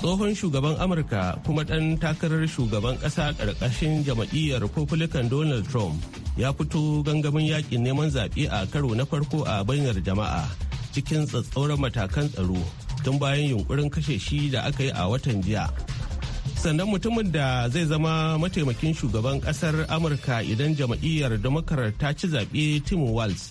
tsohon shugaban amurka kuma ɗan takarar shugaban ƙasa ƙarƙashin jam'iyyar republican donald trump ya fito gangamin yakin neman zaɓe a karo na farko a banyar jama'a cikin tsatsauran matakan tsaro tun bayan yunkurin kashe shi da aka yi a watan jiya sannan mutumin da zai zama mataimakin shugaban ƙasar amurka idan jam'iyyar democrat ta ci zaɓe tim walz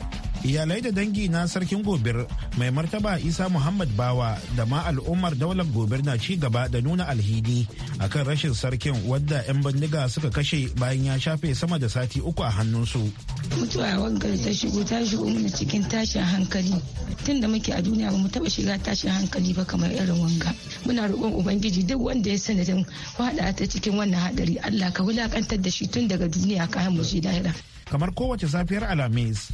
iyalai da dangi na sarkin gobir mai martaba isa muhammad bawa da ma al'ummar daular gobir na ci gaba da nuna alhidi akan rashin sarkin wadda 'yan bandiga suka kashe bayan ya shafe sama da sati uku a hannunsu mutuwa wangar ta shigo ta shigo mana cikin tashin hankali tun da muke a duniya ba mu taba shiga tashin hankali ba kamar irin wanga muna roƙon ubangiji duk wanda ya sanadin wada ta cikin wannan haɗari allah ka wulakantar da shi tun daga duniya kayan mu shi lahira kamar kowace safiyar alhamis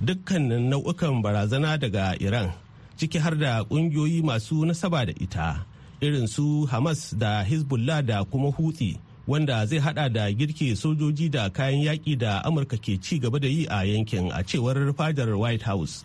Dukkan nau'ukan barazana daga iran ciki har da ƙungiyoyi masu nasaba da ita irin su hamas da hezbollah da kuma hutsi wanda zai hada da girke sojoji da kayan yaƙi da amurka ke ci gaba da yi a yankin a cewar fadar white house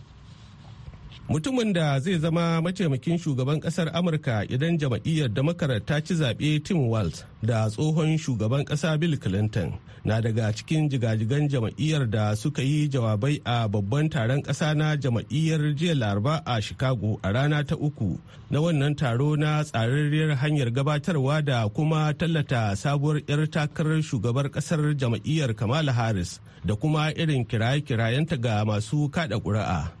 mutumin da zai zama mataimakin shugaban kasar amurka idan jama'iyyar democrat ta ci zaɓe tim waltz da tsohon shugaban ƙasa bill clinton na daga cikin jigajigan jama'iyyar da suka yi jawabai a babban taron ƙasa na jama'iyyar jiya laraba a chicago a rana ta uku na wannan taro na tsararriyar hanyar gabatarwa da kuma tallata sabuwar 'yar takarar shugabar ƙasar jama'iyyar kamala harris da kuma irin kiraye-kirayenta ga masu kada ƙuri'a.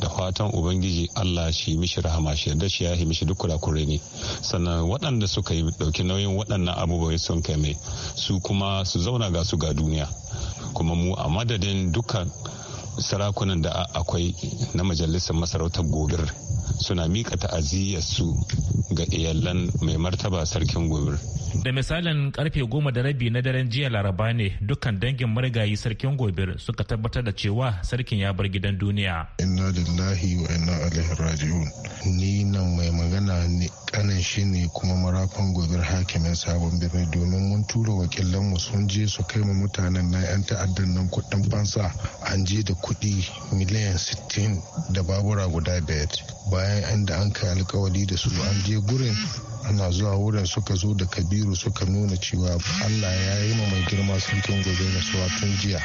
da fatan ubangiji allah shi mishi rahama shi yarda shi ya yi mishi duk kurakure ne sannan waɗanda suka yi ɗauki nauyin waɗannan abubuwa sun kai mai su kuma su zauna ga su ga duniya kuma mu a madadin dukkan sarakunan da akwai na majalisar masarautar gobir suna mika su ga iyalan mai martaba sarkin gobir da misalin karfe goma da rabi na daren jiya laraba ne dukkan dangin marigayi sarkin gobir suka tabbatar da cewa sarkin ya bar gidan duniya inna lillahi wa inna ilaihi raji'un ni nan mai magana ne kanan shi ne kuma marafan gobir hakimin sabon birni domin mun tura wakilan mu sun je su kai mu mutanen na yan ta'addan nan kudin fansa an je da kuɗi miliyan 60 da babura guda biyar bayan inda an kai alkawari da su an je gurin ana zuwa wurin suka zo da kabiru suka nuna cewa allah ya yi ma mai girma sulkin gobe na suwa tun jiya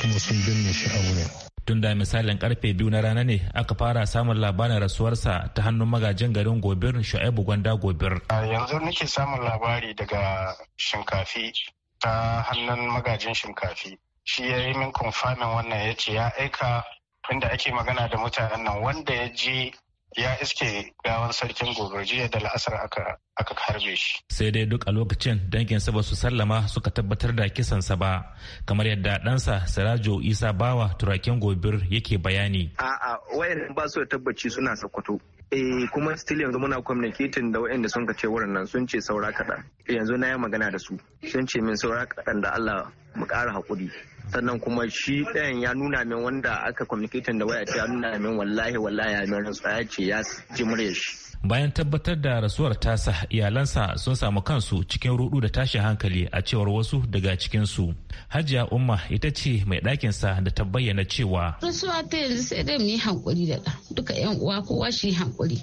kuma sun binne shi a wurin tun misalin karfe biyu na rana ne aka fara samun labarin rasuwarsa ta hannun magajin garin gobir shu'aibu gwanda gobir yanzu nake samun labari daga shinkafi ta hannun magajin shinkafi shi ya yi min kumfamin wannan ya ce ya aika tunda ake magana da mutanen nan wanda ya je ya iske gawan sarkin gobe jiya da la'asar aka harbe shi. Sai dai duk a lokacin danginsa ba su sallama suka tabbatar da kisansa ba kamar yadda ɗansa Sirajo Isa Bawa turaken gobir yake bayani. A'a wayan ba su da tabbaci suna Sokoto. eh kuma still yanzu muna communicating da waɗanda sun ka ce wurin nan sun ce saura kaɗan yanzu na yi magana da su sun ce min saura kaɗan da Allah mu ƙara haƙuri sannan kuma shi ɗayan ya nuna min wanda aka communicating da waya ya nuna min wallahi wallahi ya min ya ce ya ji muryar shi bayan tabbatar da rasuwar tasa iyalansa sun samu kansu cikin rudu da tashin hankali a cewar wasu daga cikinsu hajiya umma ita ce mai ɗakin sa da ta bayyana cewa rasuwa ta yanzu sai dai mu yi hankuri da duka yan uwa kowa shi hankuri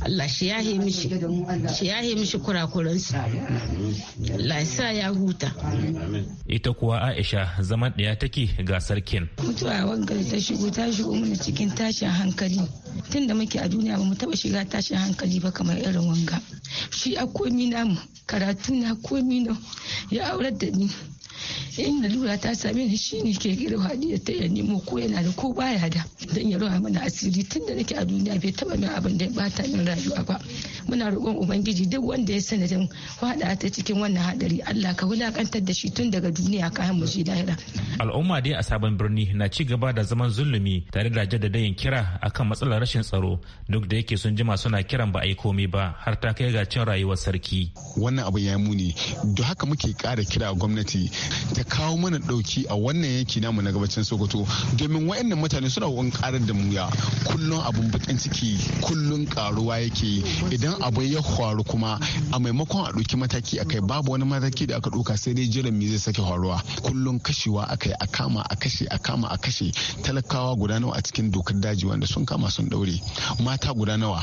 Allah shi yi mishi shi ya yi mishi kurakuransu Allah ya sa ya huta ita kuwa Aisha zaman ɗaya take ga sarkin mutuwa wanga ta shigo ta shigo mana cikin tashin hankali tunda muke a duniya ba mu taba shiga tashin hankali ba kamar irin wanga shi a komi namu karatu na komi na ya aurar da ni in lura ta same ni shine ke gida hadiya ta ya nemo ko yana da ko baya da dan ya rawa mana asiri tunda nake a duniya bai taba min abin da ya bata min rayuwa ba muna roƙon ubangiji duk wanda ya sanadin fada ta cikin wannan hadari Allah ka wulakantar da shi tun daga duniya kayan mu shi lahira al'umma dai a sabon birni na ci gaba da zaman zulumi tare da jaddadayin kira akan matsalar rashin tsaro duk da yake sun jima suna kiran ba a yi komai ba har ta kai ga cin rayuwar sarki wannan abu ya muni don haka muke kara kira gwamnati ta kawo mana ɗauki a wannan yanki namu na gabacin Sokoto domin wa'annan mutane suna wani karar da mu ya kullun abun bakin ciki kullun karuwa yake idan idan abu ya faru kuma a maimakon a ɗauki mataki akai babu wani mataki da aka ɗauka sai dai jiran me zai sake faruwa kullum kashewa akai a kama a kashe a kama a kashe talakawa guda nawa a cikin dokar daji wanda sun kama sun ɗaure mata guda nawa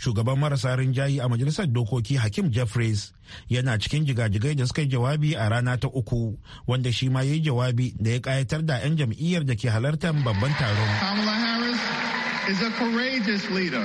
shugaban marasa rinjayi a majalisar dokoki hakim jeffries yana cikin jigajigai da suka yi jawabi a rana ta uku wanda shi ma ya yi jawabi da ya kayatar da 'yan jam'iyyar da ke halartar babban taron. Kamala Harris is a courageous leader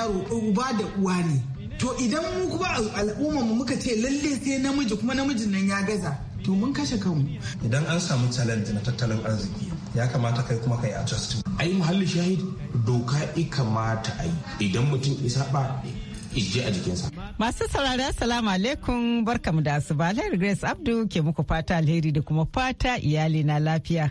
yaro uba da uwa ne to idan mu kuma al'umma mu muka ce lalle sai namiji kuma namijin nan ya gaza to mun kashe kanmu idan an samu challenge na tattalin arziki ya kamata kai kuma kai adjust ai muhalli shahid doka i kamata ai idan mutum isa ba ije a jikinsa masu saurari assalamu alaikum barkamu da asuba alheri grace abdu ke muku fata alheri da kuma fata iyali na lafiya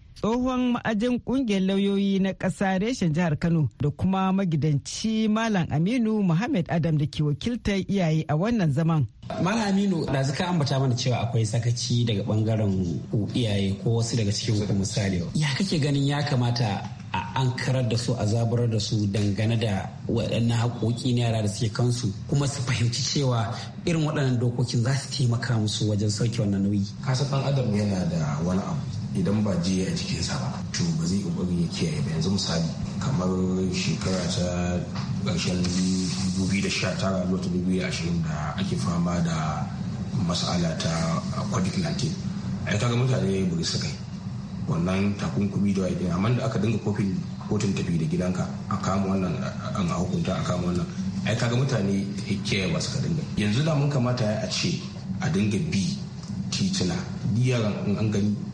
tsohon ma'ajin kungiyar lauyoyi na ƙasa reshen jihar kano da kuma magidanci malam aminu muhammad adam da ke wakiltar iyaye a wannan zaman malam aminu da zaka ambata mana cewa akwai sakaci daga bangaren iyaye ko wasu daga cikin hukumar misali ya kake ganin ya kamata a ankarar da su a zaburar da su dangane da waɗannan haƙoƙi na yara da suke kansu kuma su fahimci cewa irin waɗannan dokokin za su taimaka musu wajen sauke wannan nauyi kasafan ɗan adam yana da wani abu idan ba jiya a jikinsa ba to ba zai kokari ya kiyaye ba yanzu misali kamar shekara ta ƙarshen 2019 zuwa 2020 da ake fama da masala ta covid-19 ai kaga mutane ba su kai wannan takunkumi da waye amma da aka dinga kofin kotun tafi da gidanka a kama wannan an a hukunta a kama wannan ai kaga mutane kiyaye ba su ka dinga yanzu da mun kamata a ce a dinga bi titina yaran an gani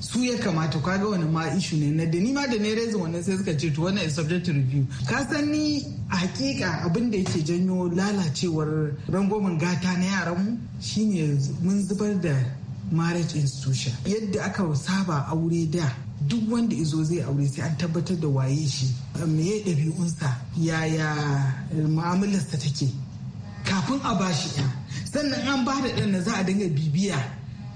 su ya kamata kaga wani ma ishu ne na da ni ma da ne reza wannan sai suka ce to wannan is subject review ka san ni hakika abin da yake janyo lalacewar rangwamen gata na yaran mu shine mun zubar da marriage institution yadda aka saba aure da duk wanda izo zai aure sai an tabbatar da waye shi Me ya ɗabi'unsa yaya mu'amalarsa take kafin a bashi ɗan sannan an ba da ɗan na za a dinga bibiya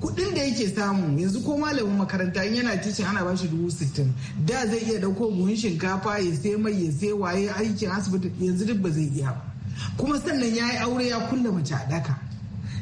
kuɗin da yake samu yanzu ko malamin makaranta in yana tishin ana ba shi dubu sittin da zai iya dauko buhun shinkafa ya sai mai ya sai waye aikin asibiti yanzu duk ba zai iya kuma sannan ya yi aure ya kulle mace a daka.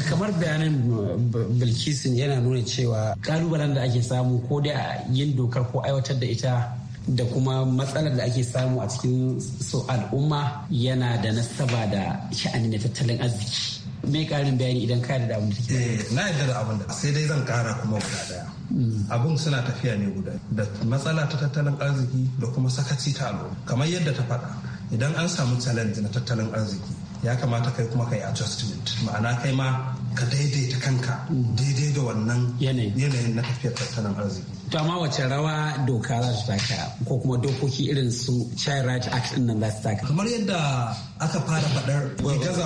kamar bayanan eh, bilkisin yana nuna cewa kalubalen da ake samu ko da yin dokar ko aiwatar da ita da kuma matsalar da ake samu a cikin su al'umma yana da nasaba da sha'ani na tattalin arziki me karin bayani idan ka da abin da take eh, na yarda da abin da sai dai zan kara kuma guda daya hmm. abun suna tafiya ne guda da matsala ta tattalin arziki da kuma sakaci ta al'umma kamar yadda ta faɗa idan an samu challenge na tattalin arziki ya kamata kai kuma kai adjustment ma'ana kai ma ka daidaita kanka daidai da wannan yanayin na tafiyar tattalin arziki to amma wace rawa doka za su taka ko kuma dokoki irin su child right act din nan za su taka kamar yadda aka fara faɗar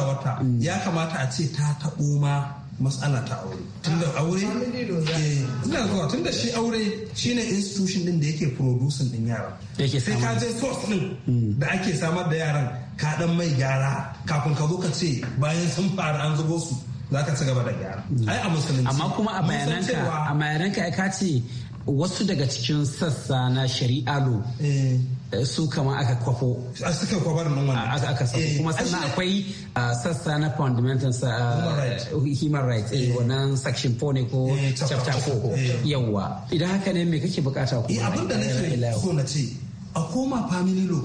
wata. Mm. ya kamata a ce ta taɓo ma matsala ta aure tunda ah, aure eh, ina zuwa tunda shi aure shine institution din da yake producing din yaran sai ka je source din mm. da ake samar da yaran ka dan mai gyara kafin ka zo ka ce bayan sun fara an zubo su za ka ci gaba da gyara ai a musulunci amma kuma a bayananka a bayananka ka ce wasu daga cikin sassa na shari'a lo eh. su kama aka kwafo a suka kwabar nan wannan aka sako kuma eh. sannan akwai ah, sassa na fundamental ah, human rights eh, wannan section 4 ne ko chapter 4 yawa idan haka ne me kake bukata ku abin da nake so na ce a koma family law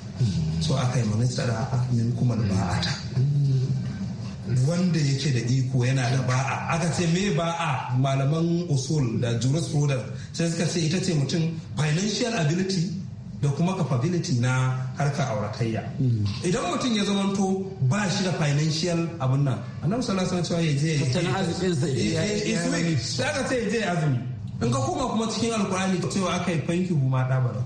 so aka yi aka min kuma ba'ata wanda yake da iko yana da ba'a aka ce me ba'a malaman usul da jurisprudence sai suka ce ita ce mutum financial ability da kuma capability na harkar auratayya idan mutum ya zamanto ba shi da financial abin nan annabi sallallahu alaihi wasallam ya je ya yi sa ya aka ce ya je azumi in ka koma kuma cikin alkurani cewa aka yi fanki huma da ba da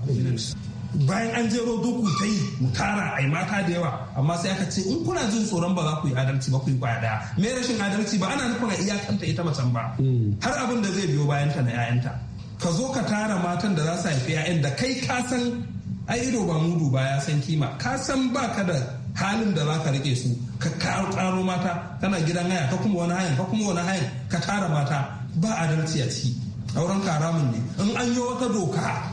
bayan an jero duku ta yi mutara a yi mata da yawa amma sai aka ce in kuna jin tsoron ba za ku yi adalci ba ku yi kwaya daya me rashin adalci ba ana nufin a iyakanta ita macen ba mm. har abin da zai biyo bayan na 'ya'yanta ka zo ka tara matan da za su haifi 'ya'yan da kai ka san ai ido ba mudu ba ya san kima ka san ba ka da halin da za ka rike su ka karo mata kana gidan haya ka kuma wani hayan ka kuma wani hayan ka tara mata ba adalci a ciki auren karamin ne in an yi wata doka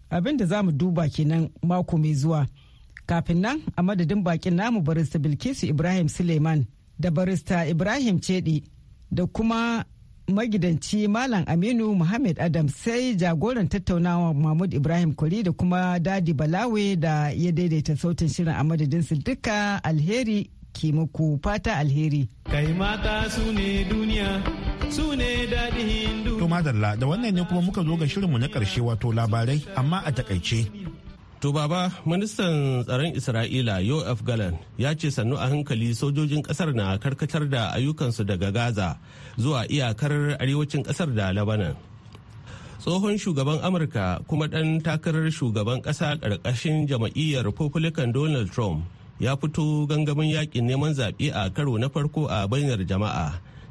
abin da za mu duba kenan mako mai zuwa kafin nan a madadin bakin namu barista bilkisu ibrahim suleiman da barista ibrahim cedi da kuma magidanci malam aminu muhammad adam sai jagoran tattaunawa mahmud ibrahim kuri da kuma dadi balawe da ya daidaita sautin shirin a madadinsu duka alheri ke muku fata alheri kai mata su ne duniya su ne daɗin hindu. To madalla da wannan ne kuma muka zo ga shirinmu na ƙarshe wato labarai amma a takaice. To baba, ministan tsaron Isra'ila Yoav Galan ya ce sannu a hankali sojojin kasar na karkatar da ayyukansu daga Gaza zuwa iyakar arewacin kasar da Lebanon. Tsohon shugaban Amurka kuma ɗan takarar shugaban ƙasa ƙarƙashin jama'iyyar Republican Donald Trump ya fito gangamin yakin neman zaɓe a karo na farko a bainar jama'a